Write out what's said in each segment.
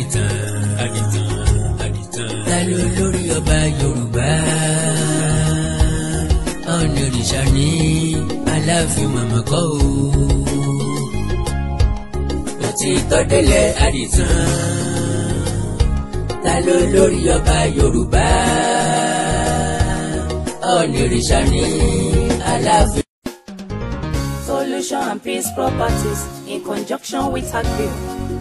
àdìtàn àdìtàn àdìtàn. ta ni olórí ọba yorùbá ọ̀nà òrìṣà ní aláàfin màmá kọ́ o. òtítọ́ délẹ̀ àdìtàn ta ló lórí ọba yorùbá ọ̀nà òrìṣà ní aláàfin. solution and peace properties in conjunction with Agbil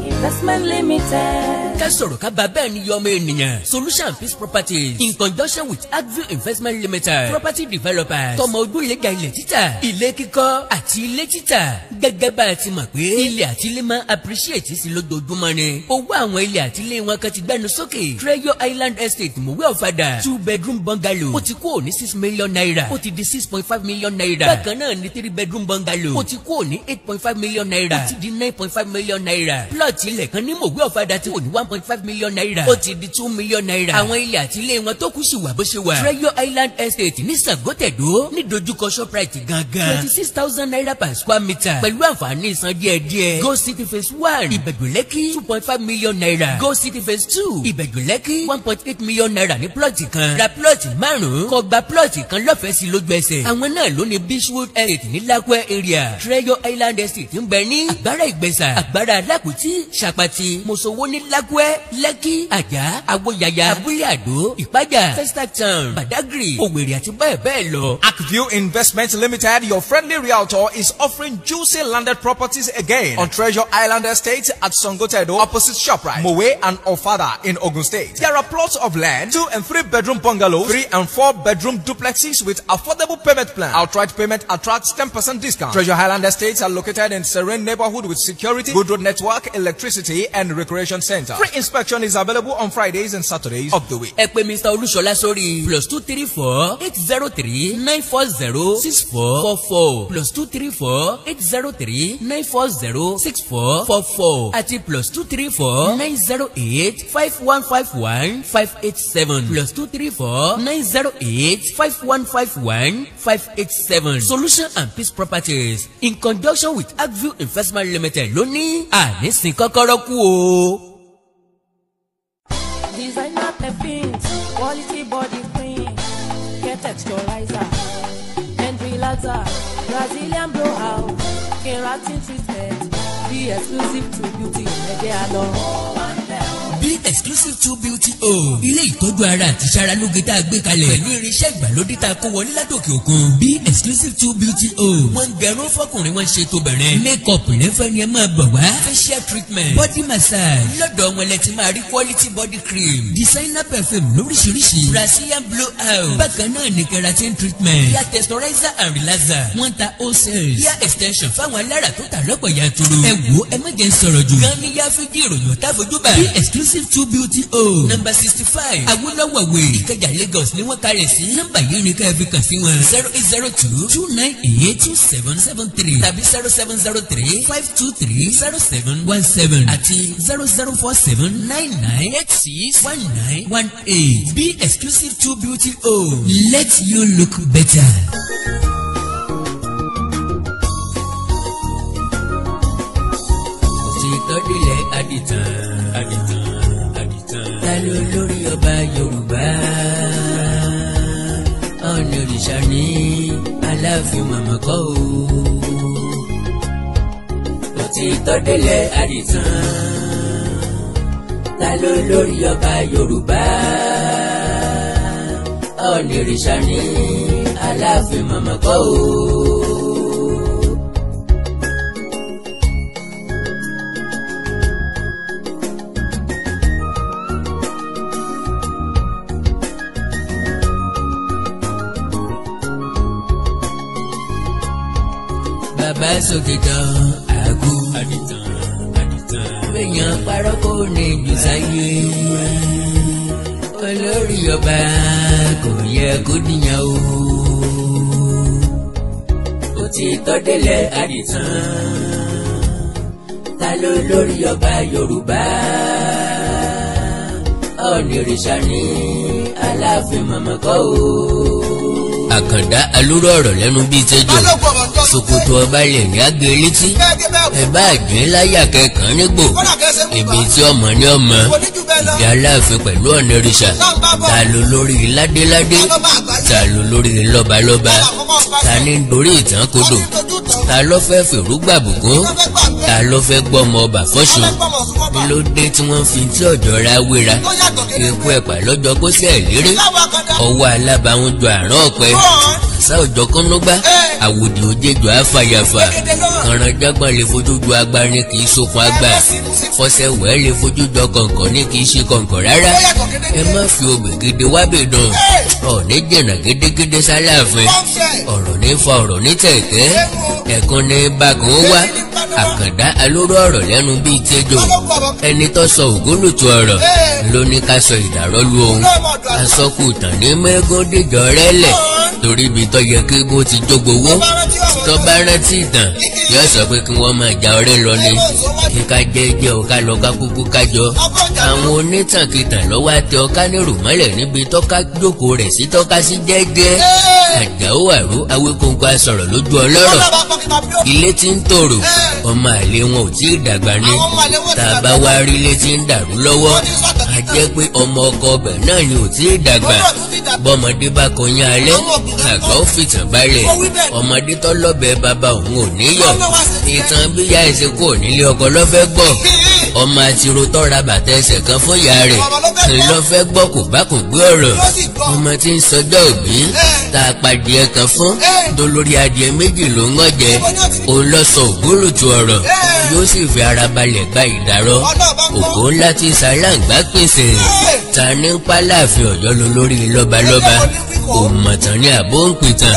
Investment Limited. ká sọ̀rọ̀ ká bá bẹ́ẹ̀ ni yọmọ ènìyàn solution peace properties in conjunction with Agbil Investment Limited property developers tọmọ ogbóyega ilẹ̀ títà ilé kíkọ́ àti ilé títà gẹ́gẹ́ bá a ti mọ̀ pé ilẹ̀ àti ilé máa appreciate sí lójoojúmọ́ ni owó àwọn ilẹ̀ àti ilé wọn kan ti gbẹnu sókè Treasure Island Estate Mòwe Ọ̀fadà two bedroom bungalow ó ti kúrò ní six million naira ó ti di six point five million naira bákan náà ní three bedroom bungalow ó ti kúrò ní eight point five million naira naira. ó ti di nine point five million naira. plọ̀tì ilẹ̀ kan ní mòwe ọ̀fadà tí kò ní one point five million naira. ó ti di two million naira. àwọn ilẹ̀ àti ilé wọn tó kù sì wà bó ṣe wà. treasure island estate ní sàgótẹ̀dó ní dojúkọ shoprite gangan. twenty six thousand naira per square meter. pẹ̀lú àǹfààní ìsan díẹ̀díẹ̀. go city phase one ìbẹ̀jọ̀lẹ́kì two point five million naira. go city phase two ìbẹ̀jọ̀lẹ́kì one point eight million naira ní plọ̀tì kan. ra plọ̀tì márùn-ún kó gba plọ̀tì kan lọ́fẹ̀ẹ́ sí lójú ẹsẹ̀. àwọn náà ló ní beachwood estate ní lakwe area. treasure island estate ń bẹ ní agbára ìgbẹ̀sà agbára alákùtì ṣàpàtì mọ̀sowólé lágúẹ́ lẹ́kì àjà àwòyàyà abúlé àdó ìpájà festac town badagry òwèrè àti bẹ́ẹ̀ bẹ́ẹ̀ lọ. Acview Investment Limited your friendly realtor is offering juicy landed properties again on Treasure Island Estate at Songotedo opposite ShopRite Mowe and Ofada in Ogun State. There are plots of land two and three bedroom bungalows three and four bedroom duplexes with affordable payment plan. Outright payment attracts 10% discount. Treasure Island Estates are located in Serene neighborhood with security, good road network, electricity, and recreation center. Free inspection is available on Fridays and Saturdays of the week. Ẹ Mr. Olúṣọlá sórí plus two three four eight zero three nine four zero six four four four plus two three four eight zero three nine four zero six four four four àti plus two three four nine zero eight five one five one five eight seven plus two three four nine zero eight five one five one five eight seven Solution and Peace Properties in conjunction with Agview Investment investment limited ló ní kọ́kọ́rọ́ kú o. designer perfumes quality body cream hair texturizer and relaxer brazilian blowout keratin treatment be exclusive to beauty ẹgbẹ́ àlọ́ exclusive two beauty home ilé ìtọ́jú ara àti ìṣaralóge tá a gbé kalẹ̀ pẹ̀lú irinṣẹ́ ìgbàlódé tá a kó wọlé látòkè òkun bí exclusive two beauty home wọ́n ń gẹrun fọkùnrin wọ́n ṣe tóbìnrin make up ìrẹ́fẹ́ ni ẹ máa bọ̀ wá facial treatment body massage lọ́dọ̀ wọn lẹ ti máa rí quality body cream designer perfume lóríṣiríṣi brazilian blowout bákan náà ní keratin treatment hair texturizer and relaxer wọ́n ta wholesale hair extension fáwọn alára tó tà lọ́pọ̀ yanturu ẹ wo ẹ má jẹ́ sọ̀rọ̀ jù gan ni yáfi di ìròyìn ọ̀tá fojú bá bí exclusive two two beauty home number sixty five awolowo way ìkẹjà lagos ni wọ́n kárẹ̀ sí. nọ́mbà yìí ni ká fi kàn sí wọn. zero eight zero two two nine eight two seven seven three tàbí zero seven zero three five two three zero seven one seven àti zero zero four seven nine nine eight six one nine one eight be exclusive to beauty home let you look better. ọba yorùbá ọ̀nì òrìṣà ní aláàfin màmá kọ́ o. òtítọ́ délẹ̀ àdìtàn ta ló lórí ọba yorùbá ọ̀nì òrìṣà ní aláàfin màmá kọ́ o. sókè tán àgù. àdìtàn àdìtàn. gbẹ̀yàn parọ́ kò ní jùsáyé. olórí ọba kò yẹ kó dìyàn o. ó ti tọ́délẹ̀ àdìtàn. ta ló lórí ọba Yorùbá? ọ̀nì òrìṣà ni aláàfin mọ̀mọ́kọ́ o. àkàndá alúrò ọ̀rọ̀ lẹ́nu bíi tẹ́jọ́ ṣòkòtò ọba lè ní agbe létí ẹ̀bá àdín láyà kẹkàn nígbò ibi tí ọmọ ní ọmọ ìdí aláàfin pẹ̀lú ọ̀nà ìrìṣà ta ló lórí ládéládé ta ló lórí lọ́balọ́ba ta ní dorí ìtàn kodò ta ló fẹ́ fèrúgbà bùkún ta ló fẹ́ gbọ́mọ ọba fọ́ṣun ni ló dé tí wọ́n fi tí ọ̀dọ́ ra wéra ikú ẹ̀pà lọ́jọ́ kó sẹ́ẹ̀ léré ọwọ́ alábàáhùn ju àrán ọ̀pẹ àṣà òjò kọ́núgbá àwòdì òjèjò àfàyàfà kànrànjágbọ̀n lè fojú ju agbárin kì í sokun agbá fọsẹ̀ wẹ́ẹ́ lè fojú jọ kọ̀ǹkọ̀ ní kì í ṣe kọ̀ǹkọ̀ rárá ẹ má fi obìnrin gidi wábẹ̀ dán ọ̀ní jìnnà gédégédé sáláàfin ọ̀rọ̀ ní fa ọ̀rọ̀ ní tẹ̀kẹ́ ẹ̀kún ní bákan ó wá àkàndá alóró ọ̀rọ̀ lẹ́nu bíi tẹ́jọ́ ẹni tó sọ ògúnlùtù ọ̀rọ̀ ló ní ká sọ ìdàrọ́lu ohun asọ́kùtàn ní mẹ́gún dìjọ́ rẹ́lẹ̀ torí ibi tó yẹ kí gún ti jógbowó tó bá rántí ìtàn yóò sọ pé kí wọ́n máa ja ọ̀rẹ́ lọ ni kí ká jẹ́ jẹ́ ọ̀ká lọ ká kúkú ká jọ àwọn onítànkìtàn lọ́wọ́ àti ọ̀ká nírùmọ́lẹ̀ níbi tó ká jókòó rẹ̀ sí tọ́ka sí jẹ́jẹ́ àjàó àrú awékòǹkò asọ̀rọ̀ lójú ọlọ́rọ̀ ilé tí ń tòrò ọmọ àlè wọn ò tí ì dàgbà ni tá a bá wá rí ilé tí ń dàrú lọ́wọ́ a jẹ́ pé ọmọ ọkọ ọbẹ̀ náà ni ò tí ì dàgbà bọ́mọdé bá kọyán alẹ́ àgbà ó fìtàn balẹ̀ ọmọdé tọ́lọ́bẹ̀ẹ́ bàbá òun ò níyọ̀ ìtàn bíyà ìsìnkú ò nílé ọkọ lọ́fẹ́ gbọ́ ọmọ àtiró tọ́ra bàtà ẹsẹ̀ kan fóyà rẹ̀ lọ́fẹ́ gbọ́ kò bá kò gbé ọ̀rọ̀ ọmọ tí ń sọjọ́ òbí tá a padìẹ kan fún tó lórí adìẹ méjì ló ń ọ̀jẹ̀ òun lọ sọ ògbólùtù ọ̀rọ̀ yóò sì fi ara balẹ̀ gba ìdárọ̀ òkú ńlá tí sàláǹgbá pèsè ta ní pálá àfi ọ̀yọ́ lọ lórí lọ́balọ́ba òmọ̀tàn ní àbó ń pìtàn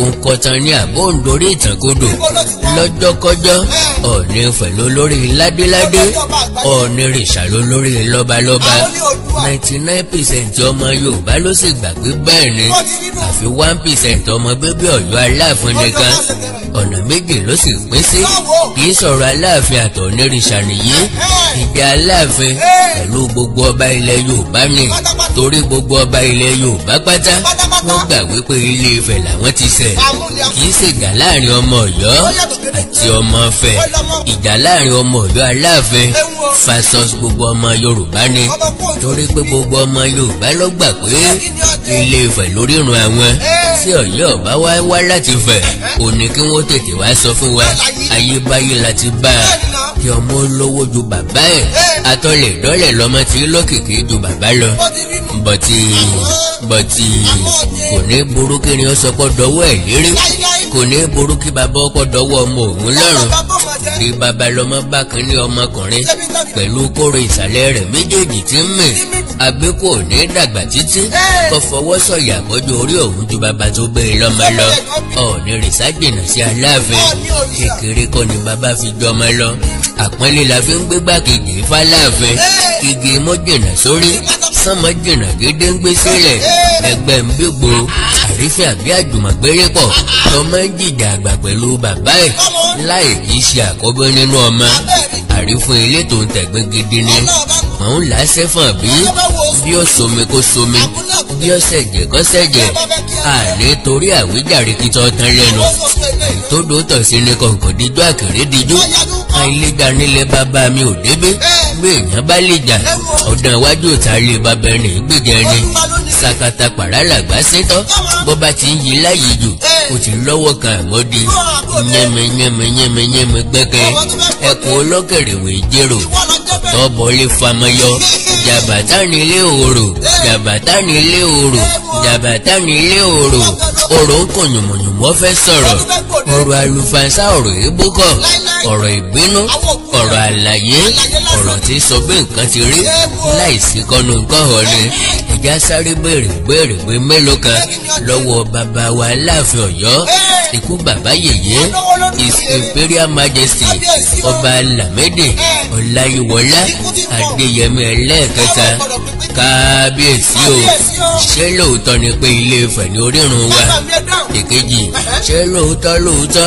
òun kọtan ní àbóǹdorí ìtànkodò lọ́jọ́kọ́jọ́ ọ̀ọ́nì fẹ̀lú lórí ládéládé ọ̀ọ́nì rìṣà lórí lọ́balọ́ba ninety nine percent ọmọ Yorùbá ló sì gbà pé bẹ́ẹ̀ ni àfi one percent ọmọ bébí Ọ̀yọ́ Aláàfin nìkan ọ̀nà méjì ló sì pín sí kì í sọ̀rọ̀ Aláàfin àtọ̀ọ́nì rìṣà nìyí ìjà Aláàfin pẹ̀lú gbogbo ọba ilẹ̀ Yorùbá ni torí gbogbo ọba ilẹ̀ Yorùbá pátá wọ́n gbà wípé Ilé Ifẹ̀ làwọn ti ṣe Ifẹ̀ kìí ṣègà láàrin ọmọ Ọ̀yọ́ àti ọmọ Ifẹ̀ ìjà láàrin ọmọ Ọ̀yọ́ Aláàfin fasos gbogbo ọmọ Yorùbá ni torí pé gbogbo ọmọ Yorùbá ló gbà pé Ilé Ifẹ̀ lórírun àwọn tí Ọ̀yọ́ ọba wá wá láti Ifẹ̀ òní kí wọ́n tètè wá sọ fún wa ayébáyé láti bá a kí ọmọ olówó ju bàbá ẹ̀ atọ́lẹ̀ dọ́lẹ̀ lọ́mọ tí lókìkí ju bàbá lọ bọ̀tì bọ̀tì kò ní burú ni ó sọ pé dọwọ́ ẹ̀ lérí kò ní burú kí bàbá ọkọ dọ́wọ́ ọmọ òun lọ́rùn bí bàbá lọmọ bá kan ní ọmọkùnrin pẹ̀lú kóró ìsàlẹ̀ rẹ̀ méjèèjì tí ń mì àbí kò ní dàgbà títí kò fọwọ́ sọ̀yà kọjú orí òun ju bàbá tó gbé e lọ́mọ lọ ọ̀ọ́nì rìsá jìnnà sí aláàfin kékeré kọ́ ni bàbá fi jọmọ lọ àpọ́nlé la fi ń gbé gbàkejì fáláàfin igi mọ́ sórí sánmọ́ gédéǹgbé sílẹ̀ ẹgbẹ́ ń bí gbòó àfífẹ́ àbí àjùmọ̀gbérẹ́ pọ̀ tọmọ ń jìjà àgbà pẹ̀lú bàbá ẹ̀ láì kìí ṣe àkọ́bọ́ nínú ọmọ àrífún ilé tó ń tẹ̀gbẹ́ gidi ni mọ̀ ń láṣẹ́ fún àbí bí ó somi kó somi bí ó ṣẹ̀jẹ̀ kó ṣẹ̀jẹ̀ àní torí àwíjàre kí tó tán lẹ́nu àìtódò tọ̀sí ni kọ̀ǹkọ̀ díjú àkèrè díjú àìlẹ́gbà bàbá mi ò débé bí èèyàn bá lè jà ọ̀dàn iwájú òta lè bàbá rìn gbèjà ni sàkàtà pàrà làgbà sétọ́ bó bá ti ń yí láàyè jù kò ti lọ́wọ́ kan àmọ́dé yẹ́mi yẹ́mi yẹ́mi yẹ́mi gbẹ́kẹ́ ẹkùn ọlọ́kẹ̀rẹ̀ wò jẹ́rò ọ̀tọ̀bọ̀ lè famayọ jàbátà nílé òòrò jàbátà nílé òòrò jàbátà nílé òòrò òòrò ń yùmọ̀yùmọ̀ fẹ́ sọ̀rọ̀ ọ̀rọ̀ àlùfànṣá ọ̀rọ̀ èébúkọ̀ ọ̀rọ̀ ìbínú ọ̀rọ̀ àlàyé ọ̀rọ̀ tí sọ pé nǹkan ti rí láìsí kọ́nu nǹkan ọ̀rẹ́ ẹ̀já sáré béèrè béèrè pé mélòó kan lọ́wọ́ bàbá wa láàfin ọ̀yọ́ ikú bàbá yèyé his imperial majesty ọba lamẹ́dẹ̀ ọláyíwọlá adéyẹmí ẹlẹ́ẹ̀kẹta kábíyèsí o ṣé lóòótọ́ ni pé ilé Ifẹ̀ ní orírun wa kejì ṣé lóòótọ́ lóòótọ́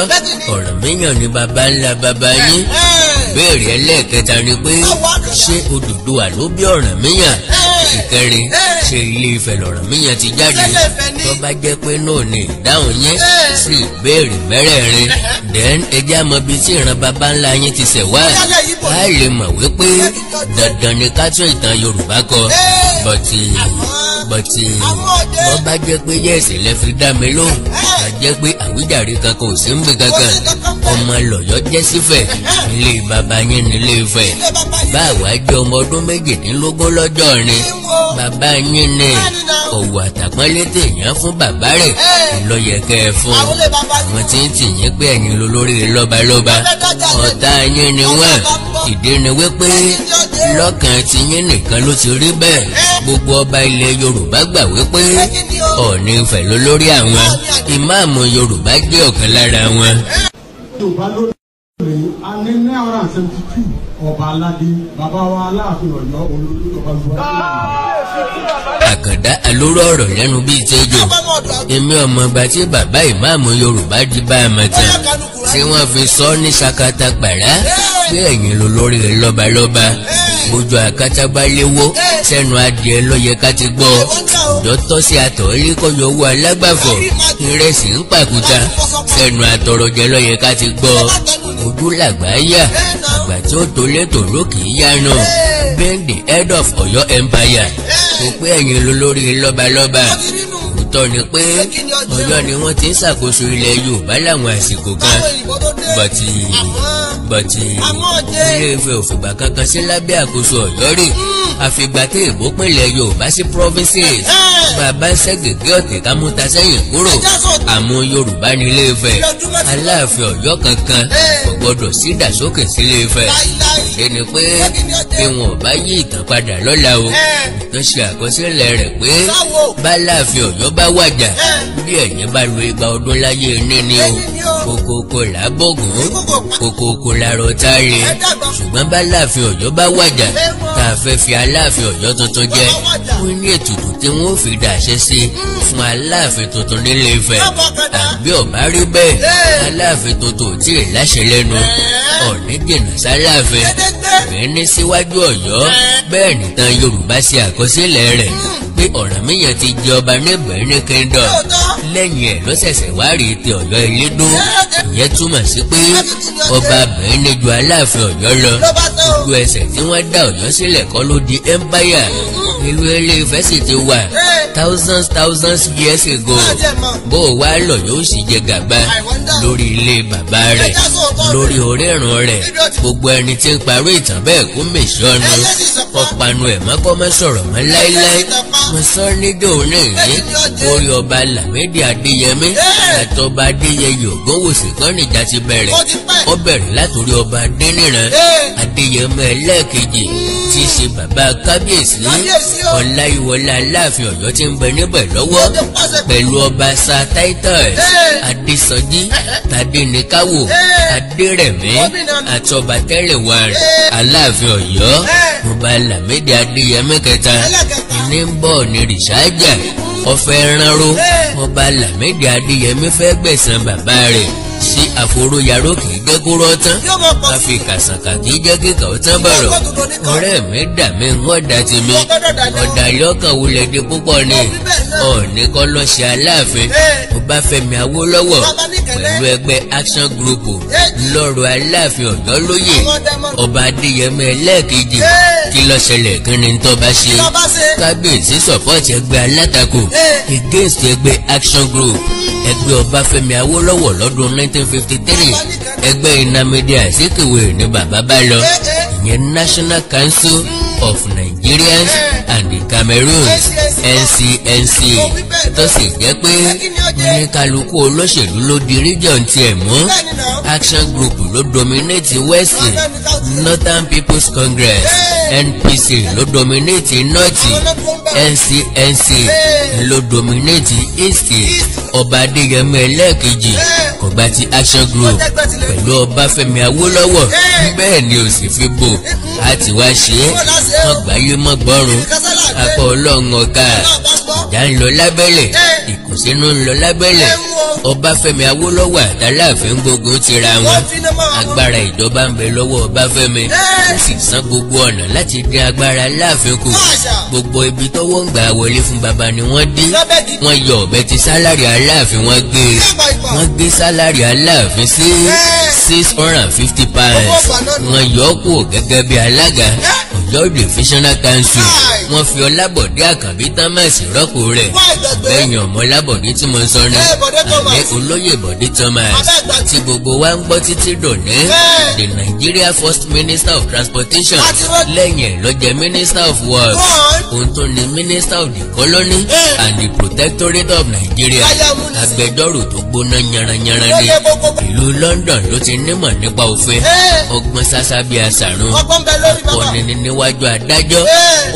ọ̀rọ̀ míyàn ni baba ńlá baba yín ìbéèrè ẹlẹ́ẹ̀kẹta ni pé ṣé Odùduwà ló bí Ọ̀rànmíyàn ìkẹrin ṣe ilé Ifẹ̀ lọ̀rànmíyàn ti jáde tó bá jẹ́ pé náà ni ìdáhùn yẹn sí ìbéèrè mẹ́rẹ̀ẹ̀rin then ẹjẹ́ àmọ́ bí tí ìran baba ńlá yín ti ṣẹ̀ wá láì lè mọ̀ wípé dandan ni ká tún ìtàn Yorùbá kọ bọ̀tì bọ̀tì bọ́ bá jẹ́ pé yẹ́sì lẹ fi dá mi lóhùn bá jẹ́ pé àwíjàre kankan ò sí ń bì kankan ọmọ lọ́yọ́ jẹ́ sífẹ̀ ilé bàbá yín nílé Ifẹ̀ bá jẹ́ ọmọ ọdún méjìdínlógún lọ́jọ́ rin bàbá yín ni ọ̀wọ̀ àtàpọ́nlé tèèyàn fún bàbá rẹ̀ lọ́yẹ kẹ́ ẹ fún àwọn tí ń tì yín pé ẹ̀yin lolórí lọ́balọ́ba ọ̀tá yín ni wọ́n ìdí ni wípé lọ́kàn tiyín nìkan ló ti rí bẹ́ẹ̀ gbogbo ọba ilẹ̀ Yorùbá gbà wípé Ọọ̀ni Ifẹ̀ ló lórí àwọn ìmáàmù Yorùbá jẹ́ ọ̀kan lára wọn. Yorùbá lónìí a ní nine hundred and seventy two ọba aládé bàbá wa Aláàfin Ọ̀yọ́ olórí ọba Yorùbá àkàndá alóró ọ̀rọ̀ lẹ́nu bíi tẹ́jọ́ èmi ọmọ ọba tí bàbá ìmáàmù Yorùbá di bá a mọ̀ tán tí wọ́n fi sọ ní sakata pàrá ṣé ẹ̀yin ló lórí rẹ̀ lọ́balọ́ba bójú àkátá bá léwó sẹ́nu adìẹ lọ́yẹ ká ti gbọ́ dọ́tọ́ sí àtọ̀ erékọ́yọ owó alágbàfọ̀ ìrẹsì ń pàkúta sẹ́nu àtọ̀rọ̀jẹ lọ́yẹ ká ti gbọ́ ojú làgbáyà àgbà tí ó tó létò kì í yánu being the head of Ọ̀yọ́ empire kò pé ẹ̀yin ló lórí lọ́balọ́ba òótọ́ ni pé ọ̀yọ́ ni wọ́n ti ń ṣàkóso ilẹ̀ yorùbá láwọn àsìkò kan bàtì bàtì ilé-ifẹ̀ òfìgbà kankan sí lábẹ́ àkóso ọ̀yọ́ rè àfìgbà tí èbó pínlẹ̀ yorùbá sí provinces bàbá ṣẹ́gẹ̀gẹ́ ọ̀tẹ̀ ká mú ta sẹ́yìn kúrò àmọ́ yorùbá ní ilé-ifẹ̀ aláàfin ọ̀yọ́ kankan kò gbọdọ̀ sí ìdàsókè sí ilé-ifẹ̀ ẹni pé bí wọn ò bá yí ìtàn padà lọ́la o ìtàn ṣe àkọsílẹ̀ rẹ̀ pé bá láàfin ọ̀yọ́ b bá wàjà bí ẹ̀yin bá lo igba ọdún láyé níní o kokoko làbọ̀gùn kokoko làrọ̀ táre ṣùgbọ́n bá láàfin ọ̀yọ́ bá wàjà tá a fẹ́ fi aláàfin ọ̀yọ́ tuntun jẹ wọ́n ní ètùtù tí wọ́n fi dàṣẹ sí mm. fún aláàfin tuntun nílé Ifẹ̀ àbí ọ̀bá rí bẹ́ẹ̀ aláàfin tuntun ò tí ì láṣẹ lẹ́nu ọ̀ní dènà sáláàfin bẹ́ẹ̀ ní síwájú ọ̀yọ́ bẹ́ẹ̀ nìtàn Yorùbá ṣe àkọsílẹ̀ rẹ̀ mm pé Ọ̀rànmíyàn ti jẹ ọba ní Benin Kingdom lẹ́yìn ẹ̀ ló ṣẹ̀ṣẹ̀ wá rí ti Ọ̀yọ́ Elédùn ìyẹn túmọ̀ sí pé ọba Benin ju Aláàfin Ọ̀yọ́ lọ gbogbo ẹsẹ̀ tí wọ́n dá Ọ̀yọ́ sílẹ̀ kọ́ ló di empire mm-hmm. ìlú Ilé-Ifẹ̀ sì ti wà thousands thousands years ago bó o wá lọ yóò sì jẹ gàba lórí ilé bàbá rẹ̀ lórí orírun rẹ̀ gbogbo ẹni tí ń parọ́ ìtàn bẹ́ẹ̀ kú mèsì ọ̀nà ọ̀panu ẹ̀ mọ́kọ́ mọ́ sọ̀rọ̀ mọ́ láéláé mo sọ níjọ́ òní orí ọba Lámídì Adéyẹmí àtọba Adéyẹyè Ògúnwùsì kan nìjà ti bẹ̀rẹ̀ ó bẹ̀rẹ̀ látòrí ọba Adéníran Adéyẹmí ẹlẹ́ẹ̀kejì hmm. tí í ṣe bàbá kábíyèsí Ọláyíwọlá Aláàfin Ọ̀yọ́ ti ń bẹ níbẹ̀ lọ́wọ́ pẹ̀lú ọba sa titus Adésọjí Tadéníkáwò Adérẹ̀mí àtọba tẹ́lẹ̀ wà rẹ̀ Aláàfin Ọ̀yọ́ ọba Lámídì Adéyẹmí kẹta ní ń bọ̀ ní rìṣájà ọ̀fẹ́ ẹranro ọba Lámídì Adéyẹmí fẹ́ gbẹ̀san bàbá rẹ̀ sí àforóyàró kì í jẹ́ kó rọ́ tán má fi kàsàkà kì í jẹ́ kíkà ó tán bọ̀rọ̀ ọ̀rẹ́ mi dà mí ngọ́dà ti mi ọ̀dà yọkàn wulẹ̀ di púpọ̀ ni ọ̀ọ́nì kọ́ lọ ṣe aláàfin ọbáfẹ́mi awólọ́wọ̀ pẹ̀lú ẹgbẹ́ action group ńlọrọ̀ aláàfin ọ̀dọ́ lóyè ọba adéyẹmí ẹlẹ́ẹ̀kejì kí ló ṣẹlẹ̀ kí ni tó bá ṣe kábíyèsí sọ̀pọ̀tì ẹgbẹ́ alátakò against ẹgbẹ́ action group ẹgbẹ́ ọbáfẹ́mi awólọ́wọ̀ lọ́dún 19 1953. fifty three ẹgbẹ́ iná media ṣèkèwé ní bàbá bá lọ ìyẹn National Council of Nigerians and the Cameroon NCNC tó sì jẹ́ pé ní kálukú olóṣèlú ló di region tiẹ̀ mú Action Group ló dominate West Northern People's Congress NPC ló dominate North NCNC ló dominate East Ọba Adéyẹmí ẹlẹ́ẹ̀kejì kọ̀gbá ti action group pẹ̀lú ọbáfẹ́mi awólọ́wọ̀ bẹ́ẹ̀ ni ò sì fi bò á ti wá ṣe é wọ́n gbáyé mọ́gbọ́rùn apá ọlọ́run ọ̀gá ìdánilọ́lábẹ́lẹ̀ ìk kò sínú ńlọ lábẹ́lẹ̀ ọbáfẹ́mi awólọ́wọ̀ àtàláàfin gbógun tira wọn agbára ìjọba ń bẹ lọ́wọ́ ọbáfẹ́mi ó sì san gbogbo ọ̀nà láti dín agbára láàfin kù gbogbo ibi tọ́wọ́ ń gbà wọlé fún baba ni wọ́n dí wọ́n yọ ọ̀bẹ ti sálárì aláàfin wọ́n gbé wọ́n gbé sálárì aláàfin sí six hundred and fifty pounds wọ́n yọ ọ́ kù gẹ́gẹ́ bí alága ọ̀yọ́ divisional council wọ́n fi ọlábọ̀dé àkànbí támásì rọ́pò rẹ̀ lẹ́yìn ọmọ lábọ̀dé tí mo sọ ní àlẹ́ olóyè bọ̀dé thomas tí gbogbo wa ń gbọ́ títí dòní the nigeria first minister of transportation lẹ́yìn ẹ̀ ló jẹ́ minister of works òun tó ni minister of the colony and the protectorate of nigeria agbẹjọ́rò tó gbóná yanranyanran ni ìlú london ló ti nímọ̀ nípa òfin ọgbọ́n sásá bíi àṣàrùn akọni níwájú adájọ́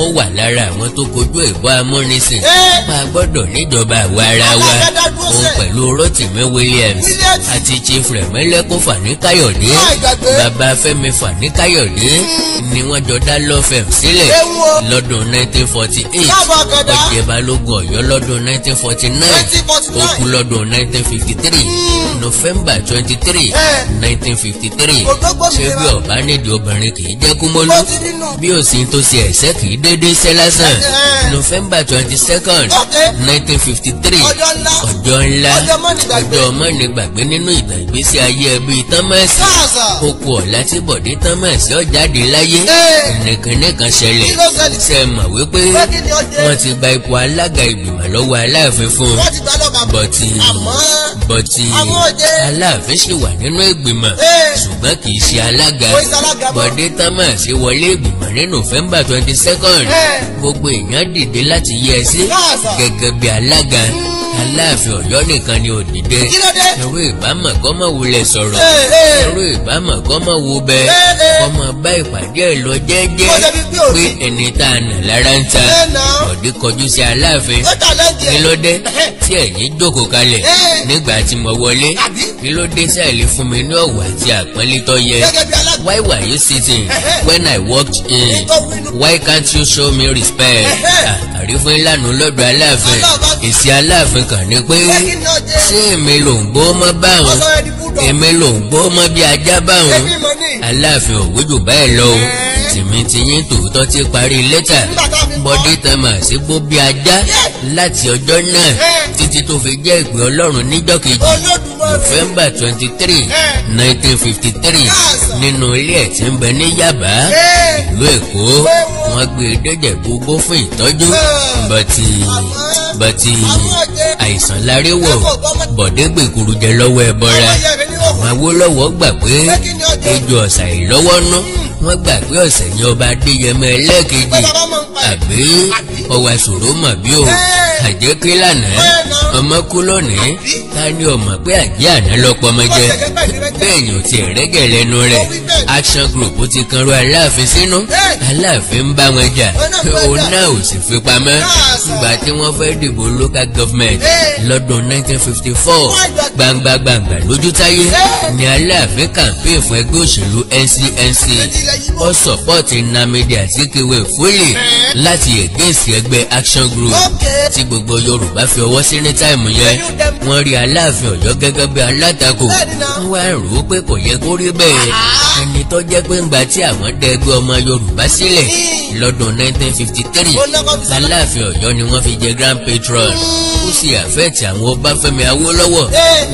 ó wà lá lára àwọn tó kojú ìwà amúnisìn pa gbọ́dọ̀ níjọba àwa ara wa òun pẹ̀lú Rotimi Williams àti Chief Rẹ̀mílẹ́kún Fani-Káyọ̀dé bàbá Fẹ́mi hmm. ni wọ́n jọ dá lọ́fẹ̀m sílẹ̀ lọ́dún 1948 ọjẹ́ balógun ọ̀yọ́ lọ́dún 1949 ó lọ́dún 1953 hmm. November 23 1953 ṣé bí ọ̀bánidì obìnrin kì í jẹ́ kúmọ́lú bí òsín tó ṣe ẹ̀ṣẹ̀ kì í déédéé sẹ́ lásán eh, eh. november twenty second nineteen fifty three ọjọ́ ńlá ọjọ́ mọ́ni gbàgbé nínú ìtàn ìgbésí ayé ẹbí thomas okú ọ̀la tí bọ̀dé thomas yọ jáde láyé eh. nìkànnìkan ṣẹlẹ̀ ṣe mọ̀ wípé wọ́n ti gba ipò alága ìgbìmọ̀ lọ́wọ́ aláàfin fún bọ́tì bọ́tì aláàfin ṣì wà nínú ìgbìmọ̀ ṣùgbọ́n kì í ṣe alága bọ̀dé thomas wọlé ìgbìmọ̀ ní november twenty second gbogbo èèyàn dìde láti yẹ ẹ sí gẹ́gẹ́ bí alága mm aláàfin ọ̀yọ́ nìkan ni ò ní dé irú ìbámọ̀ kọ́mọ wo lẹ sọ̀rọ̀ irú ìbámọ̀ kọ́mọ wo bẹ ọmọ bá ìpàdé ẹ̀ lọ jẹ́jẹ́ pé ẹni tá a nà lára ń ta ọ̀dí kọjú sí aláàfin kí ló dé tí ẹ̀yin jókòó kalẹ̀ nígbà tí mo wọlé kí ló dé sẹ́ẹ̀lì fún mi ní ọ̀wọ̀ àti àpọ́nlé tó yẹ why were you sitting when I walked in why can't you show me respect àrífín lànà lọ́dọ̀ aláàfin èsì aláàfin kan ni pé ṣé èmi ló ń gbọ́ mọ́ báwọn èmi ló ń gbọ́ mọ́ bí ajá báwọn aláàfin òwe jù báyìí lọ o tìmí tiyín tòótọ́ ti parí lẹ́tà bọ́dé tẹ̀mà sí gbó bí ajá láti ọjọ́ náà títí tó fi jẹ́ ìpè ọlọ́run níjọ́ kejì november twenty three nineteen fifty three nínú ilé ẹ̀ tí ń bẹ ní yaba ìlú èkó wọ́n gbé e dẹ́jẹ̀ gbogbo fún ìtọ́jú bàtì bàtì àìsàn láréwọ̀ bọ̀dé gbèkúrú jẹ lọ́wọ́ ẹ̀ bọ́ra àwọn Awólọ́wọ̀ gbà pé ejò ọ̀sà ìlọ́wọ́ ná wọ́n gbà pé ọ̀sẹ̀ yẹn ọba Adéyẹmọ ẹlẹ́ẹ̀kejì àbí ọwà ìṣòro mọ̀ bí o àjẹ́ ké lánàá ọmọ kú lónìí ta ni ọmọ pé àjẹ́ àná lọ́pọ̀ ọmọ jẹ bẹ́ẹ̀ ni ò ti rẹ́gẹ̀ lẹ́nu rẹ̀ action group ti kanru aláàfin sínú aláàfin ń bá wọn jà òun náà ò sì fi pamọ́ nígbà tí wọ́n fẹ́ dìbò local government lọ́dún 1954 gbangba gbangba lójú táyé ni aláàfin campaign fún ẹgbẹ́ òṣèlú NCNC ó sọ̀pọ̀tì Nnamdi Azikiwe fúlẹ̀ láti ẹgbẹ́sì ẹgbẹ́ action group tí gbogbo yorùbá fi ọwọ́ sí ní táìmù yẹn wọ́n rí aláàfin ọ̀yọ́ gẹ́gẹ́ bí alátakò wọ́n wá rò ó pé kò yẹ kó rí bẹ́ẹ̀ ẹni tó jẹ́ pé ńgbà tí àwọn dẹ ẹgbẹ́ ọmọ yorùbá sílẹ̀ lọ́dún 1953 aláàfin ọ̀yọ́ ni wọ́n fi jẹ grand patron mm. ó sì àfẹ́ẹ̀tì àwọn ọbáfẹ́mi awólọ́wọ̀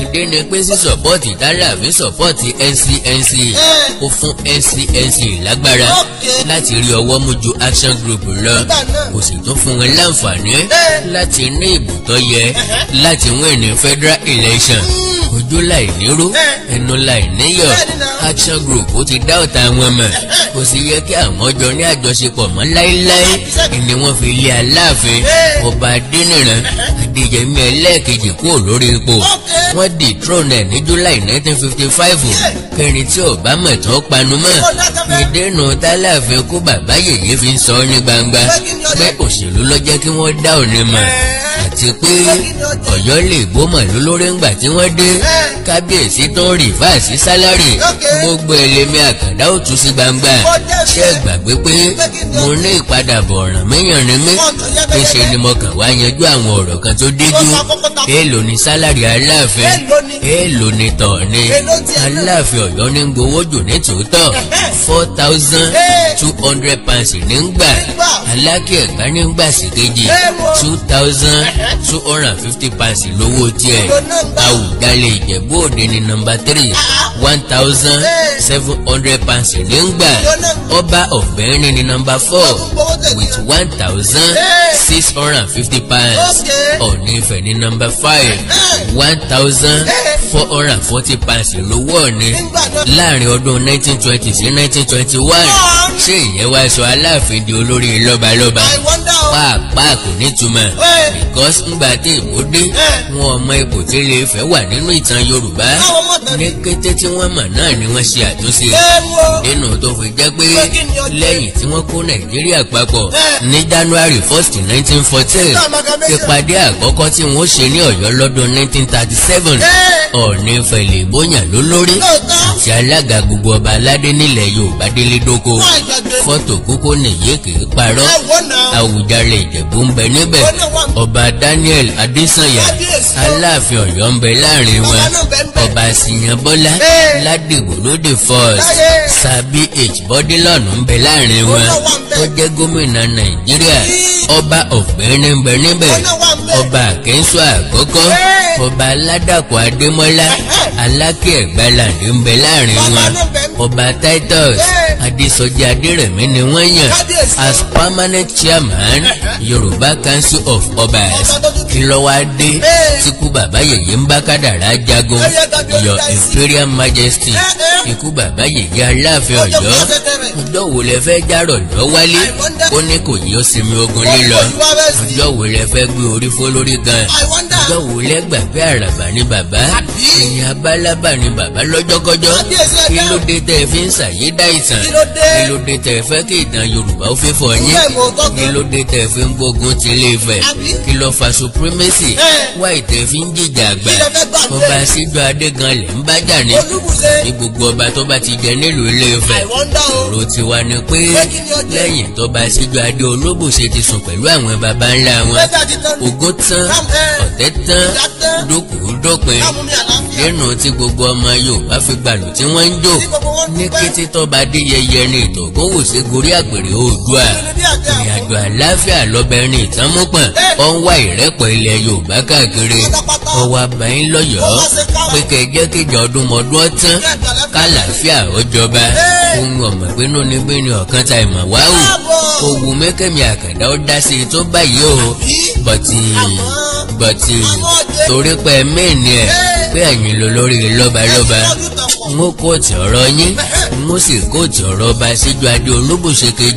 ìdí ni pé sí sọ̀pọ́ọ̀tì tálàfin sọ̀pọ́ọ̀tì ncnc ó fún ncnc lágbára láti rí ọwọ́ mú ju action group lọ kò sì tún fún wọn láǹfààní láti ní ìbò yẹ láti win ní federal election ojú láì nírú ẹnu láì níyọ̀ action group ó ti dá ọ̀tá wọn mọ̀ kò sì yẹ kí àwọn jọ ní àjọṣepọ̀ mọ́ láéláé ni wọ́n fi lé aláàfin ọba adéníran Adéyẹmí ẹlẹ́ẹ̀kejì kúrò lórí ipò wọ́n di throne ẹ̀ ní July 1955 kẹrin tí Obama tó panu mọ́ ìdènà tálàfin kú bàbá yèyé fi ń sọ ní gbangba pé òṣèlú ló jẹ́ kí wọ́n dá òní mọ̀ àti pé Ọ̀yọ́ lè gbómọ̀ lólórí ńgbà tí wọ́n dé kábíyèsí tó ń rìfáàsì sálárì gbogbo ẹlẹ́mí àkàndá ò tún sí gbangba ṣé ẹ gbàgbé pé mo ní ìpadàbọ̀ ọ̀ràn mẹ́yànrin mi ń ṣe ni mo kàn wá yanjú àwọn ọ̀rọ̀ kan tó déjú èèlò ní sálárì aláàfin èèlò ní tọ̀ọ̀ni aláàfin ọ̀yọ́ ní gbowó jù ní tòótọ́ four thousand two hundred pounds ní gbà alákì ẹ̀gbá ní gbàsí kejì two thousand two hundred and fifty pounds lówó tiẹ̀ àwùjalè ìjẹ̀bú òde ní nọmba three ah, ah. one thousand seven hundred pounds ní gbà ọba ọ̀gbẹ́rin ní nọmba four with one thousand six hundred and fifty pounds ọ̀ní ìfẹ́ ní nọmba five one thousand four hundred and forty pounds lówó ọ̀ní láàrin ọdún nineteen twenty sí nineteen twenty one ṣé ìyẹn wá sọ aláàfin di olórí ìlọ́gbọ̀n lọ́balọ́ba. I wonder pàápàá kò nítumọ̀ because ńgbà tí èmó dé wọn ọmọ ipò tí ilé Ifẹ̀ wà nínú ìtàn Yorùbá ní kété tí wọ́n mọ̀ náà ni wọ́n ṣe àtúnṣe nínú tó fi jẹ́ pé lẹ́yìn tí wọ́n kó Nàìjíríà papọ̀ ní January 1st 1914 ìpàdé àkọ́kọ́ tí wọ́n ṣe ní Ọ̀yọ́ lọ́dún 1937 Ọọ̀ni fẹ̀lẹ̀ bóyá ló lórí àti alága gbogbo ọba aládé nílẹ̀ Yorùbá délé dóko fọ́tò kókó nìyí kì í parọ́ Àwùjalẹ̀ alárẹ̀ ìjẹ̀bú ń bẹ níbẹ̀ ọba Daniel Adesanya, aláàfin ọ̀yọ́ ń bẹ láàrin wọn ọba Ṣìyànbọ́lá ládìgbò lóde fọ́ọ̀s Sabi H Bọ́dílọ́ọ̀nù ń bẹ láàrin wọn tó jẹ́ gómìnà Nàìjíríà ọba ọ̀gbẹ́ni ń bẹ níbẹ̀ ọba àkẹ́ńsọ àkọ́kọ́ ọba aládàpọ̀ adémọ́lá alákẹ́ ẹ̀gbálà ń bẹ láàrin wọn ọba Titus Adésọjí Adérẹ̀mí ni wọ́n yàn as permanent chairman Yorùbá Council of Obas kí ló bàbá yèyé ń bá kádàrá jagun your imperial majesty ikú bàbá yèyé aláàfin ọ̀yọ́ ọjọ́ wo lẹ fẹ́ járọ̀ lọ wálé ó ní kò yí ó sinmi ogun lílọ ọjọ́ wo lẹ fẹ́ gbé orí fó lórí gan ọjọ́ wo lẹ gbàgbé àràbà ní bàbá ìyìn abálábà ní bàbá lọ́jọ́kọ́jọ́ kí ló dé tẹ́ ẹ fi ń ṣàyédá ìtàn kí ló dé tẹ́ ẹ fẹ́ kí ìtàn yorùbá ó fẹ́ fọ yín kí ló dé tẹ́ ẹ fi ń gbógun ti Ilé kí ló fa sup supremacy wá ìtẹ̀ fi ń jìjà àgbà ọba síjú adéganlẹ̀ ń bá jà ní ní gbogbo ọba tó bá ti jẹ nílùú ilé Ifẹ̀ ọ̀rọ̀ tiwa ni pé lẹ́yìn tó bá síjú adé olóbùṣe ti sùn pẹ̀lú àwọn baba ńlá wọn ogun tán ọ̀tẹ̀ tán dókòó dópin nínú tí gbogbo ọmọ Yorùbá fi gbàlù tí wọ́n ń jò ní kété tó dé yẹyẹ ní ìtọ̀gbọ́n sí gorí àgbèrè Oòduà ìrìnàjò àláfíà lọ́bẹ̀rin ìtàmúpọ̀n ọ̀ ń wá ìrẹ́pọ̀ ọ̀rọ̀ ilẹ̀ Yorùbá káàkiri ọwọ́ abayín lọ́yọ̀ọ́ pé kẹjẹ́ kíjà ọdúnmọdún ọtán kálàáfíà ọjọba ohun ọ̀mọ̀ pínú ni bínú ọ̀kan ta ìmọ̀ wá o ògùn mẹ́kẹ́mi àkàndá ó dá sí i tó báyìí o bọ̀tì bọ̀tì torí pé mẹ́ẹ̀ni ẹ̀ pé ẹ̀yin lolórí lọ́balọ́ba n ó kóòtù ọ̀rọ̀ yín mo sì kóòtù ọ̀rọ̀ ọba síjú adé olúbùṣe kejì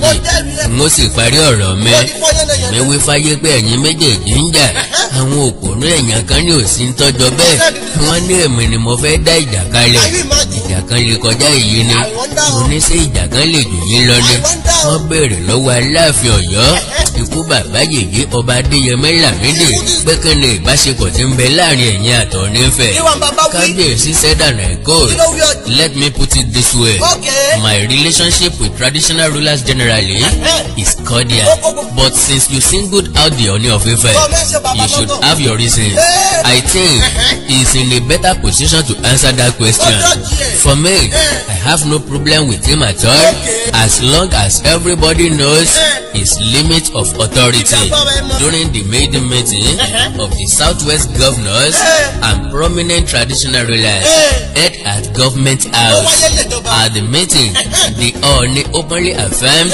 mo sì parí ọ̀rọ̀ mẹ́ mi fáyé pé ẹ̀yin méjèèjì ń jà àwọn òpònú ẹ̀yàn kan ní òsì ń tọ́jọ bẹ́ẹ̀ ní èmi ni mo fẹ́ dá ìjà kalẹ̀ ìjà kan lè kọjá èyí ni mo ní sí ìjà kan lè jù yín lọ ni wọ́n béèrè lọ́wọ́ aláàfin ọ̀yọ́ ikú bàbá yèyé ọba adéyẹmẹ làmídì pé kí ni ìbáṣepọ̀ ti ń bẹ láàrin ẹ̀yin àtọ̀ nífẹ̀ẹ́ kábíyèsí sẹ́dà nàìkóòlù let me put it this way. My relationship with traditional rulers generally is cordial. Oh, oh, oh. But since you singled out the Oni of Ife, you should have your reasons. I think he is in a better position to answer that question. For me, I have no problem with him at all as long as everybody knows his limit of authority. During the maiden meeting uh-huh. of the Southwest governors and prominent traditional rulers held at Government House at the meeting, the Oni openly affirmed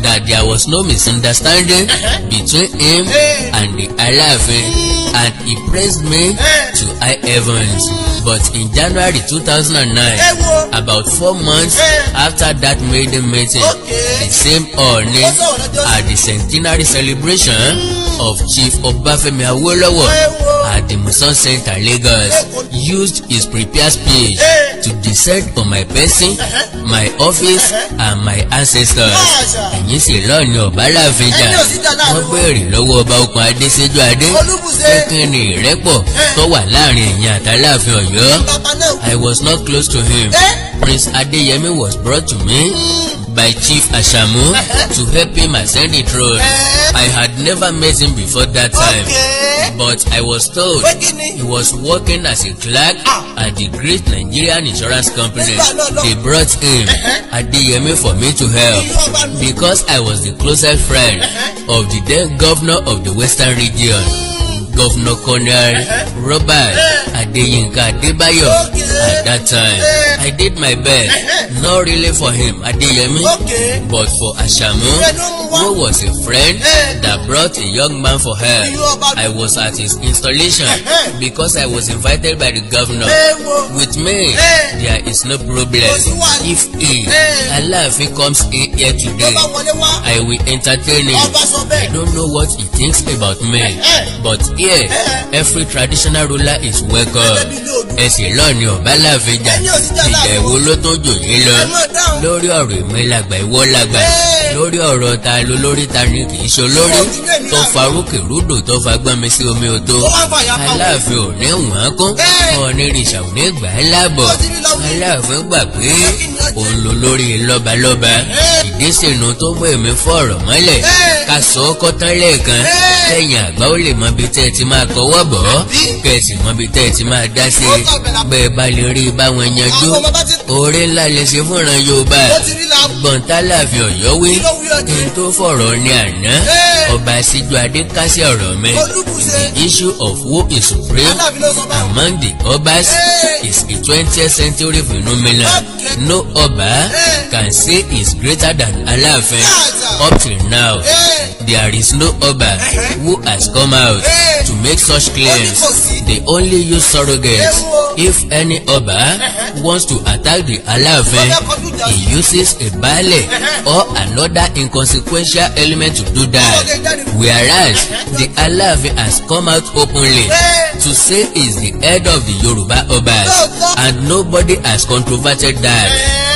that there was no misunderstanding between him and the Alaafin, mm. and he praised me to high heavens. Mm. But in January 2009, about four months after that maiden meeting, the same Oni oh, at the centenary celebration. Mm of Chief Obafemi Awolowo at the Muson Center, Lagos, used his prepared speech to descend on my person, my office, and my ancestors. Ẹ̀yin sì lọ́ọ̀nù ọ̀bá láàfin jà. Wọ́n béèrè lọ́wọ́ ọba okùn Adéṣẹ́jú Adé. Kẹ́kẹ́ ni ìrẹ́pọ̀ tó wà láàrin ẹ̀yin àtàláàfin Ọ̀yọ́. I was not close to him. Prince Adeyemi was brought to me by Chief Ashamu to help him ascend the throne. I had never met him before that time, but I was told he was working as a clerk ah. at the Great Nigerian Insurance Company. They brought him uh-huh. Adeyemi for me to help because I was the closest friend uh-huh. of the then governor of the Western Region. Governor Colonel Robert Adeyinka Adebayo at that time. I did my best, uh-huh. not really for him, Adeyemi, but for Ashamu, who was a friend uh-huh. that brought a young man for her. I was at his installation uh-huh. because I was invited by the governor. With me, there is no problem. If he, Allah, if he comes here today, I will entertain him. I don't know what he thinks about me, but if díẹ̀ every traditional ruler is welcome ẹ̀sìn lọ́ọ̀ni ọ̀bálàfẹ́jà ìjà ìwo ló tó jò yín lọ lórí ọ̀rọ̀ èmi làgbà ìwọ làgbà lórí ọ̀rọ̀ ta ló lórí ta ni kì í ṣe olórí tó farókè rúdò tó fagbọ́n mi sí omi òtó aláàfin ò ní wọ́n kún ọ̀nìrìṣà ò ní gbà á láàbọ̀ aláàfin gbà pé òun ló lórí lọ́balọ́ba ìgbésẹ̀ nu tó mú èmi fọ̀rọ̀ mọ́lẹ̀ ká sọ tán lẹ́ẹ̀kan kẹ́yìn àgbà ó lè mọ ibi tẹ́ ti máa kọwọ́ bọ̀ ọ́ kẹ̀sì mọ́ bí tẹ́ ẹ ti máa dá sí i bẹ́ẹ̀ bá lè rí i báwọn yanjú oore ńlá lè ṣe fúnran Yorùbá gbọ̀ntàláàfin Ọ̀yọ́ wí kí n tó fọ̀rọ̀ ní àná ọba síjú adé kásí ọ̀rọ̀ mi the issue of who is supreme among the obas is a twentieth century phenomenon no Oba can say is greater than Aláàfin. Up till now, there is no Oba uh-huh. who has come out to make such claims. They only use surrogates. If any Oba uh-huh. wants to attack the Alaafin, he uses a baale uh-huh. or another inconsequential element to do that. Whereas the Alaafin has come out openly to say he is the head of the Yoruba Obas, and nobody has controverted that.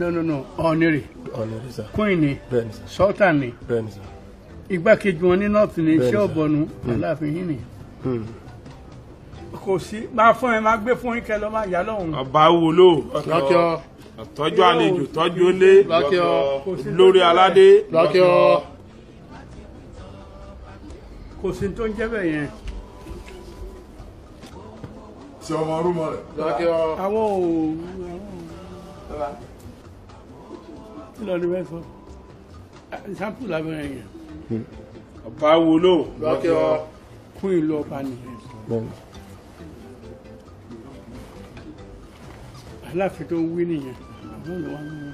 no no no ọ̀nìrì ọ̀nìrì sà queen ni sultan ni igbákejì wọn ní north ni iṣẹ́ ọ̀bọ̀nù hmm. aláàfin yìí ni hmm. kò sí máa fún ẹ máa gbé fún yín kẹ lọ máa yá lọ́hùn. ọba wúlò lọkọ tọ́jú àlejò tọ́jú lé lórí aládé kò sí tó ń jẹ́ bẹ́ẹ̀ yẹn ti ọmọ rúmọ rẹ. àwọn ò lọ ní mẹ́fọ́ sápù lábẹ́rẹ́ yẹn hmm. ọba wo ló kún ìlú ọba nìyẹn aláàfin tó ń wí nìyẹn àwọn ìwà ń wí.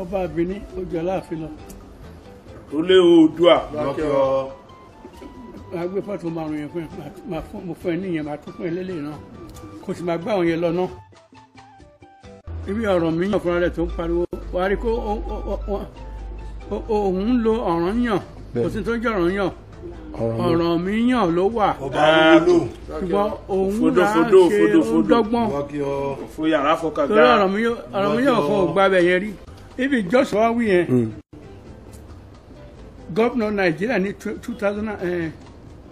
ọba Benin ó jẹ aláàfin lọ. tó lé oòdùà lọ́kẹ́ ọ. agbẹ́fọ́ tó máa ròyìn fún ẹ mo fún ẹ níyẹn máa tún fún ẹ lélẹ̀ náà kò sì máa gbá àwọn yẹn lọ náà ibi ọ̀rọ̀ mi yàn fúnra rẹ̀ tó ń pariwo wàá rí kó òun ń lo ọ̀ràn yàn kò sí tó jẹ́ ọ̀ràn yàn ọ̀ràn mi yàn ló wà ṣùgbọ́n òun ra ṣe dọ́gbọ́n torí ọ̀ràn mi yàn fún ògbà yẹn rí ibi ìjọsìn wa wí yẹn mm. gọ́vnọ̀ nàìjíríà ní two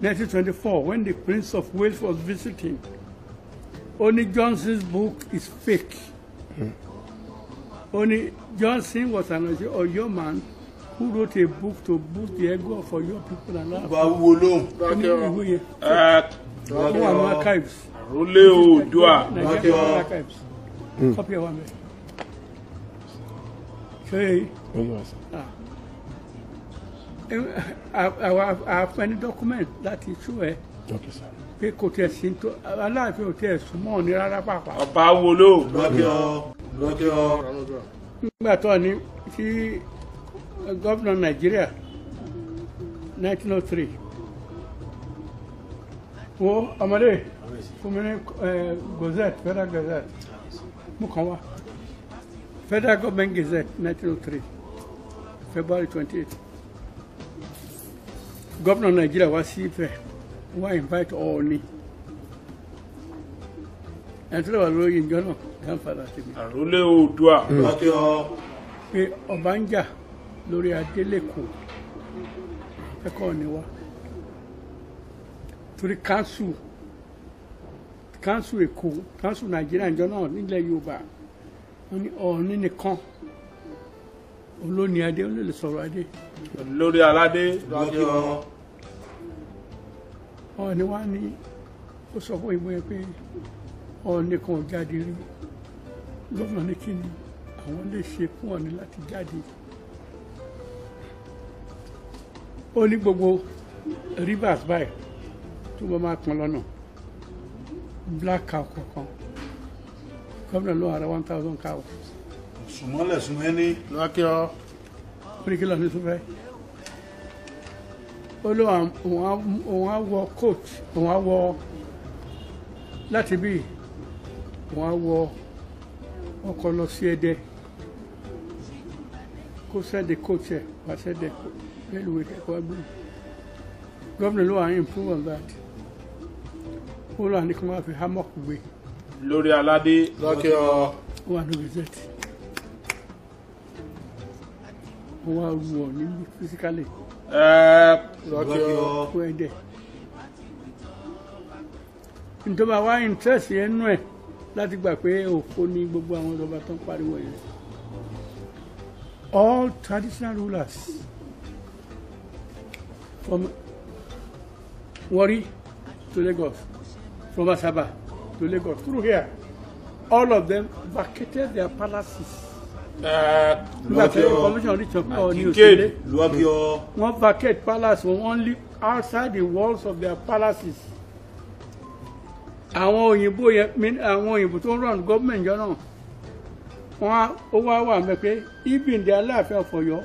eh, when the Prince of Wales was visiting. Only Johnson's book is fake ó ní Johnson was an Oyo man who wrote a book to boost the ego of Ọ̀yọ́ people and laugh. wàá wo lóhùn. ìwé yẹn fún àwọn archives. àròlé oòdùà. Nigerian archives hmm. copy I, I have ṣé àwọn that is true, eh pé kò tiẹ̀ sí tó aláàfin ò tiẹ̀ súnmọ́ ní rárá pàápàá. ọba wo ló. lọ́kẹ́ ọ lọ́kẹ́ ọ. nígbà tó ní sí gómìnà nàìjíríà 1903 wo ọmọdé fún mi ní gazette federal gazette mú kàn wá federal government gazette 1903 february 28 gómìnà nàìjíríà wá sí Ifẹ̀ wọ́n invite all ni ẹni tó lè wà lórí ìjọ náà grandfather ti mi. àròlé oòdùà láti hmm. ọ. pé ọba ń jà lórí adélèkó ẹ̀kọ́ ni wá torí kanṣu kanṣu èkó kanṣu nàìjíríà ìjọ náà nílẹ̀ yorùbá wọ́n ní ọ̀ọ́ni nìkan olóni adé olóòlù sọ̀rọ̀ adé. lórí aládé lọ́jọ́. Ọọ̀ni wá ní ó sọ fún ìmọ̀ ẹ pé Ọọ̀ni kan ò jáde rí gómìnà ní kí ni àwọn lè ṣe fún Ọọ̀ni láti jáde ó ní gbogbo rivers báyìí tó bá máa pọn lọ́nà black cow kọ̀ọ̀kan gómìnà ló ara one thousand cow. sùmọ́lẹ̀ sùmọ́ ẹni. lọ́kẹ́ ọ́. orí kìlọ̀ ní sùfẹ́ ó ló òun á wọ coat òun á wọ láti bí òun á wọ ọkọ lọ sí Ẹdẹ kó sẹ́dẹ̀ coat ẹ̀ wá sẹ́dẹ̀ rẹ́lùwé ẹ̀kọ́ ẹgbẹ́ gómìnà ló wà ń improve on that ó lọ àníkàn máa fi hammock gbé. lórí aládé lọ́kẹ́ ọ. ó wà ní gazette wọ́n á rú ọ ní physically ìjọba uh, wa ìntẹ́sì ẹnu ẹ̀ láti gbà pé òfo ni gbogbo àwọn ìjọba tó ń pariwo yẹn all traditional rulers from Wari to Lagos from Asaba to Lagos through here all of them vacated their palaces nígbà tí commission reach up ọ ní òsèlè wọ́n vacate palace wọ́n only outside the walls of their palaces àwọn òyìnbó yẹn àwọn òyìnbó tó ń run government jọ náà wọ́n ó wá wà mẹ́ pé even their life of Ọ̀yọ́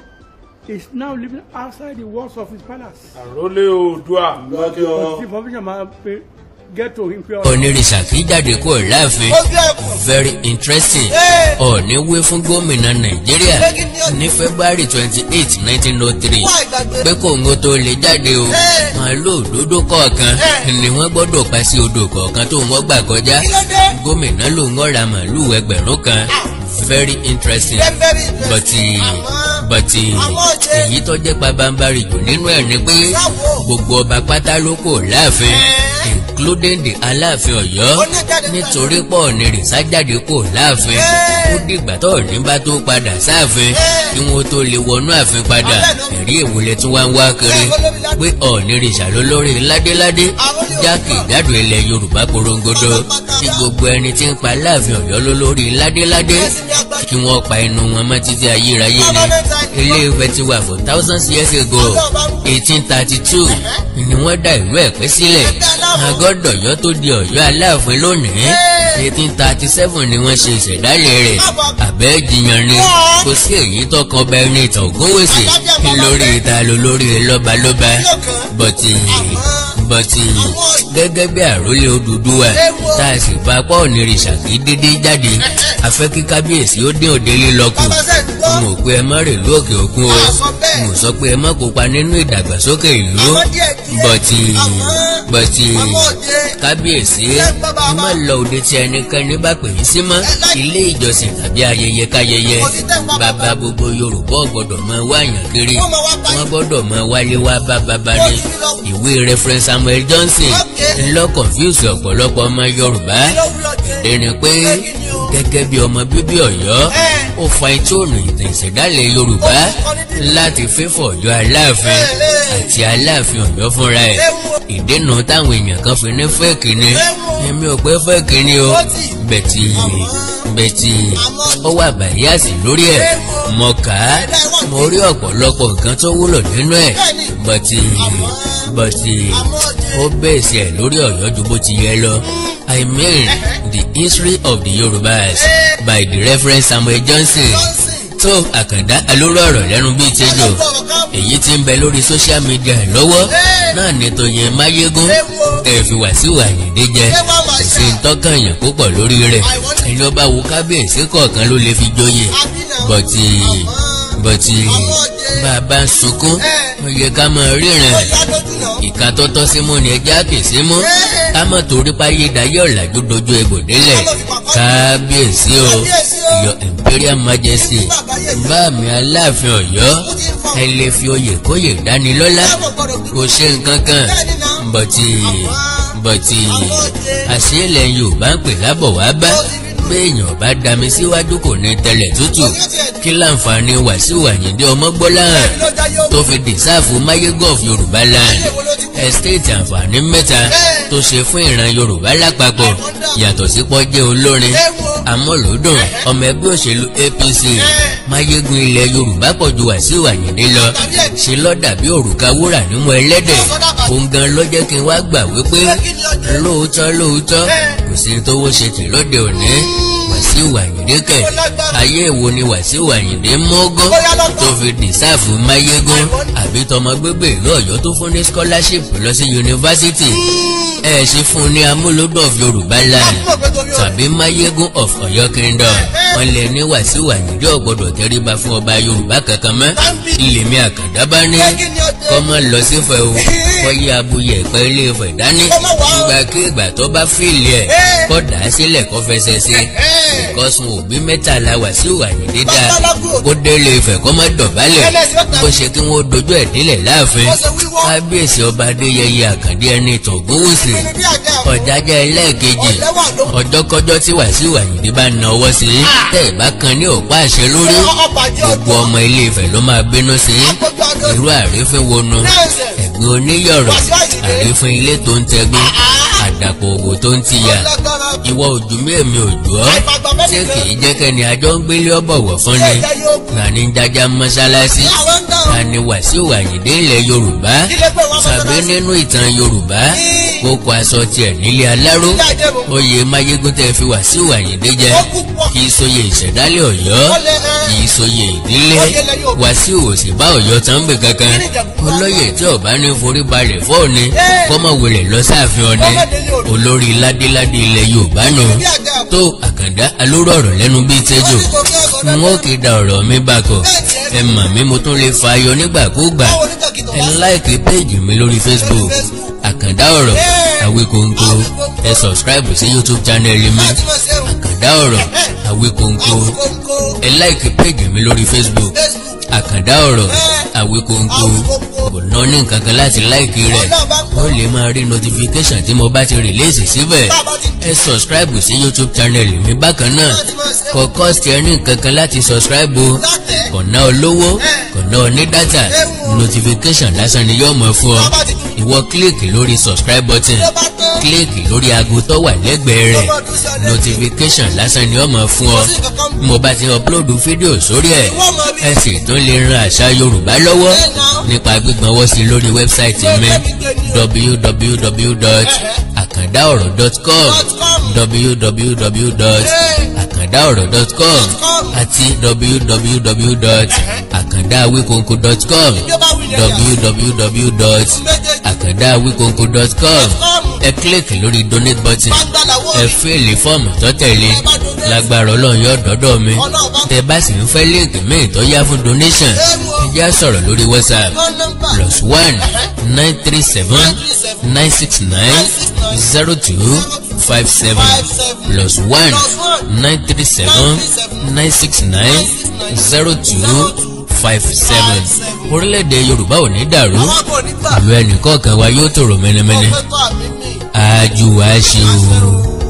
is now living outside the walls of his palace. àròlé oòdùà. lọ́kẹ́ ọ onírìṣà kì í jáde kó láàfin very interesting ọ̀ọ́ni wé fún gómìnà nàìjíríà ní february twenty eight nineteen oh three pé kòǹgó tó lè jáde o màálùú òdòdó kọ̀ọ̀kan ni wọ́n gbọ́dọ̀ pa sí odò kọ̀ọ̀kan tó wọ́n gbà kọjá gómìnà ló ń ọ̀ra màálùú ẹgbẹ̀rún kan ah. very interesting bọ̀tì eh, eh, bọ̀tì èyí tó jẹ́ pabambarì jù nínú ẹ̀ ni pé gbogbo ọba pátá ló kò láàfin including the aláàfin ọ̀yọ́ nítorí pọ̀ ní rìsájáde kò láàfin ó dìgbà tó ní bá tó padà sáàfin kí wọ́n tó lè wọnú àfin padà ẹ̀rí ìwòlẹ tí wọ́n ń wá kiri pé ọ̀ọ́nì rìṣà lólórí ládéládé jákèjádò ilẹ̀ yorùbá porongodo tí gbogbo ẹni tí ń pa aláàfin ọ̀yọ́ lólórí ládéládé kí wọ́n pa ẹnu wọn mọ́ títí ayérayé ni Ilé-Ifẹ̀ ti wà for thousands years ago eighteen thirty two ni wọ́n dá ìlú Ẹ̀pẹ́ sílẹ̀ àgọ́dọ̀ Ọ̀yọ́ tó di Ọ̀yọ́ Aláàfin lónìí eighteen thirty seven ni wọ́n ṣe ìṣẹ̀dálẹ̀ rẹ̀ àbẹ́ jiyàn ni kò sí èyí tọkàn ọba ẹni ìtàn Ògúnwùsì lórí ìta lórí lọ́balọ́ba bọ̀tì bọ̀tì gẹ́gẹ́ bí àrólé Odùduwà tá a sì bá apá òní rìṣà kì í jáde afẹ́ kí kábíyèsí ó dín òdélé lọ́kù mo pe ẹ má rèlú òkè òkun o mo sọ pé ẹ má kópa nínú ìdàgbàsókè ìlú bọ̀tì bọ̀tì uh, uh, kábíyèsí ẹ má lọ òde tí ẹnikẹ́ni bá pè yín sí mọ́ ilé ìjọsìn tàbí ayẹyẹ káyẹyẹ bàbá gbogbo Yorùbá gbọ́dọ̀ máa wáyàn kiri wọ́n gbọ́dọ̀ máa wálé wá bá bàbá ni ìwé reference Samuel Johnson ńlọ confuse ọ̀pọ̀lọpọ̀ ọmọ Yorùbá ẹni pé gẹ́gẹ́ bí ọmọ bíbí ọ̀yọ́ ó fa etí ọ̀nà ìtàn ìṣẹ̀dálẹ̀ yorùbá láti fífọ̀ ọ̀yọ́ aláàfin àti aláàfin ọ̀yọ́ fúnra ẹ̀ ìdènà táwọn èèyàn kan fi ní fẹ́ẹ̀kì ni èmi ò pé fẹ́ẹ̀kì ni o bẹ̀tì yìí bẹ tí ó wà bàyáàsì lórí ẹ̀ mo kà á mo rí ọ̀pọ̀lọpọ̀ nǹkan tó wúlò nínú ẹ̀ bọ̀tì bọ̀tì ó bẹ̀sẹ̀ lórí ọ̀yọ́ ju bó ti yẹ lọ I mean the history of the Yorubas by the reference Samuel Johnson tó àkàndá alóró ọ̀rọ̀ lẹ́nu bíi tẹ́jọ́ èyí tí ń bẹ lórí social media lọ́wọ́ náà ni Tóyìn Máyégún ẹ̀fì Wàsíù Àyìndé jẹ ẹ̀sìn tọ́kànyàn púpọ̀ lórí rẹ̀ ẹni ọba wo kábíyèsí kọ̀ọ̀kan ló lè fi joyè bọ̀tì bọ̀tì bàbá sunkún ó yẹ ká máa ríran ìka tó tọ́ sí mú ni ẹja kì sí mú ká mọ̀ torí páyé dayé ọ̀làjú dojú egbò délẹ̀ kábíyèsí o your imperial majesty bá mi aláàfin ọ̀yọ́ ẹ lè fi oyè kóyè dání lọ́lá kò ṣe nǹkan kan bọ̀tì bọ̀tì àṣìlẹ̀ yorùbá ń pè lábọ̀ wá bá béèyàn bá dami síwájú kò ní tẹlẹ̀ tútù kí láǹfààní wàsíù àyíndé ọmọgbọ́lá tó fi dìsáàfù mayegof yorùbá land estate àǹfààní mẹ́ta tó ṣe fún ìran yorùbá lápapọ̀ yàtọ̀ sí pọ́jẹ́ olórin amọ́lódùn ọmọ ẹgbẹ́ òṣèlú APC mayegun ilẹ̀ Yorùbá pọ̀ ju Wàsíù Àyìndé lọ ṣe ló dàbí òrùka wúrà nímú ẹlẹ́dẹ̀ òun gan ló jẹ́ kí n wá gbà wípé lóòótọ́ lóòótọ́ kò sí tówó ṣe tì lóde òní wàsíù àyìndé kẹ̀ ayé èwo ni wàsíù àyìndé mọ́gọ́ tó fi dìsáàfù máyégún àbí tọmọ gbégbé ìlú ọ̀yọ́ tó fún ní scholarship lọ sí yunifásitì ẹ ṣe fún ní amúlòdó of yorùbá land tàbí máyégún of ọ̀yọ́ kingdom wọn lè ní wàsíù àyìndé ọ̀gbọ́dọ̀ tẹríba fún ọba yorùbá kankan mọ́ ilèmi àkàndá bá ní kọ́mọ lọ sífẹ̀ o kọ́yé abuyẹ̀ pẹ́ ilé Ifẹ̀ dání ìgbàkigbà tó bá fìlì ẹ̀ kọ́ dà á sílẹ̀ kọ́ fẹsẹ̀ sí i kọ́sùn òbí mẹ́tàlá Wàsíù Àyìndé dá kó délé Ifẹ̀ kó má dọ̀bálẹ̀ bó ṣe kí wọ́n dojú ẹ̀ délẹ̀ láàfin kábíyèsí ọba Adéyẹyẹ Àkàndé Ẹnìtàn Ògúnwùsì Ọ̀jájá ẹlẹ́ẹ̀kejì ọjọ́kọ́jọ́ tí Wàsíù Àyìndé bá na ọwọ́ sí i ah. tẹ́ ẹ̀ bá kan ní ọ̀pá àṣẹ lórí gbogbo ọmọ ilé Ifẹ̀ ló máa bínú sí i irú àrífín wọnú ẹ̀gbin oníyọ̀rọ̀ àrífín ilé tó ń tẹ́gbin ah, ah. àdàpọ̀ òwò tó ń tiyà ìwọ òjò mi èmi òjò ọ́ ṣé kì í jẹ́ kẹ́ni àjọ ń gbélé ọ bọ̀wọ̀ fún ni tani ń jaja mọ́ṣáláṣí tani Wàsíù Àyìndé ilẹ̀ Yorùbá sàbẹ̀ nínú ìtàn Yorùbá kó kọ aṣọ tiẹ̀ nílé aláró oyè mayegun tẹ́ fi wá sí wàyíǹde jẹ kì í soyè ìṣẹ̀dálẹ̀ ọ̀yọ́ kì í soyè ìdílé wá sí òsì bá ọ̀yọ́ tán bẹ̀ kankan olóyè tí ọba ní forí balẹ̀ fọ́ọ̀ni kọ́mọ wẹ̀rẹ̀ lọ sáàfin ọ̀ni olórí ládéládé ilẹ̀ yorùbá nù tó àkàndá alóró ọ̀rọ̀ lẹ́nu bíi tẹ́jọ́ n ó kì í da ọ̀rọ̀ mi bàkọ̀ ẹ mà mí mo tún lè fa ayọ̀ nígbàkúgbà ẹ láìkí péèjì mi lórí Facebook àkàndá ọ̀rọ̀ àwíkóńkó ẹ sọ̀scribe sí youtube channel mi àkàndá ọ̀rọ̀ àwíkóńkó ẹ like page mi lórí facebook àkàndá ọ̀rọ̀ àwíkóńkó kò ná ní nǹkan kan láti like rẹ̀ wọ́n lè máa rí notification tí mo bá ti release síbẹ̀ ẹ sọ̀scribe sí youtube channel mi bákan náà kọ̀ọ̀kan sí ẹ ní nǹkan kan láti sọ̀scribe o kò ná olówó kò ná onídàtà notification lásán ni yóò mọ̀ fún ọ ìwọ kílíkì lórí subscribe button kílíkì lórí aago tó wà lẹ́gbẹ̀ẹ́ rẹ̀ notification lásán ni ó máa fún ọ mo bá ti upload fídíò sórí ẹ̀ ẹ sì tún lè ran àṣà Yorùbá lọ́wọ́ nípa gbígbọ́nwọ́ sí lórí wẹ́bsáìtì mi www.akandaoro.com www àkàndáọ̀rọ̀.com àti www.àkàndáawíkonko.com www.àkàndáawíkonko.com ẹ click lórí donate button ẹ fíìlì fọ́ọ̀mù tó tẹ̀lé lágbára ọlọ́run yóò dọ́dọ̀ mi tẹ bá sì ń fẹ́ líǹkì míì tó fún donation jẹ́ sọ̀rọ̀ lórí whatsapp plus one nine three seven nine six nine zero two five seven plus one nine three seven nine six nine zero two five seven orílẹ̀-èdè yorùbá ò ní dàrú àmì ẹnìkọ̀ọ̀kan wa yóò tòrò mẹ́nẹ́mẹ́nẹ́ àjùwà ṣe o.